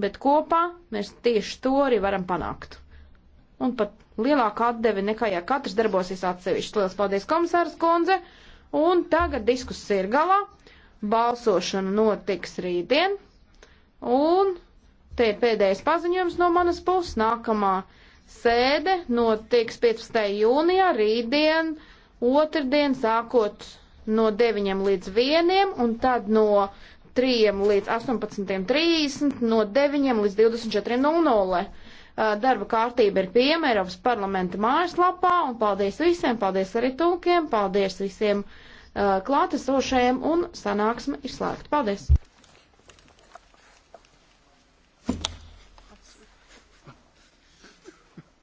bet kopā mēs tieši to arī varam panākt. Un pat lielāka atdeve nekā, ja katrs darbosies atsevišķi. Lielas paldies, komisārs Konze! Un tagad diskusija ir galā. Balsošana notiks rītdien. Un te ir pēdējais paziņojums no manas puses. Nākamā sēde notiks 15. jūnijā rītdien, otrdien sākot no 9 līdz 1 un tad no 3 līdz 18.30, no 9 līdz 24.00. Darba kārtība ir pieejama Eiropas parlamenta mājaslapā, un paldies visiem, paldies arī tūkiem, paldies visiem klātesošajiem, un sanāksme ir slēgta. Paldies!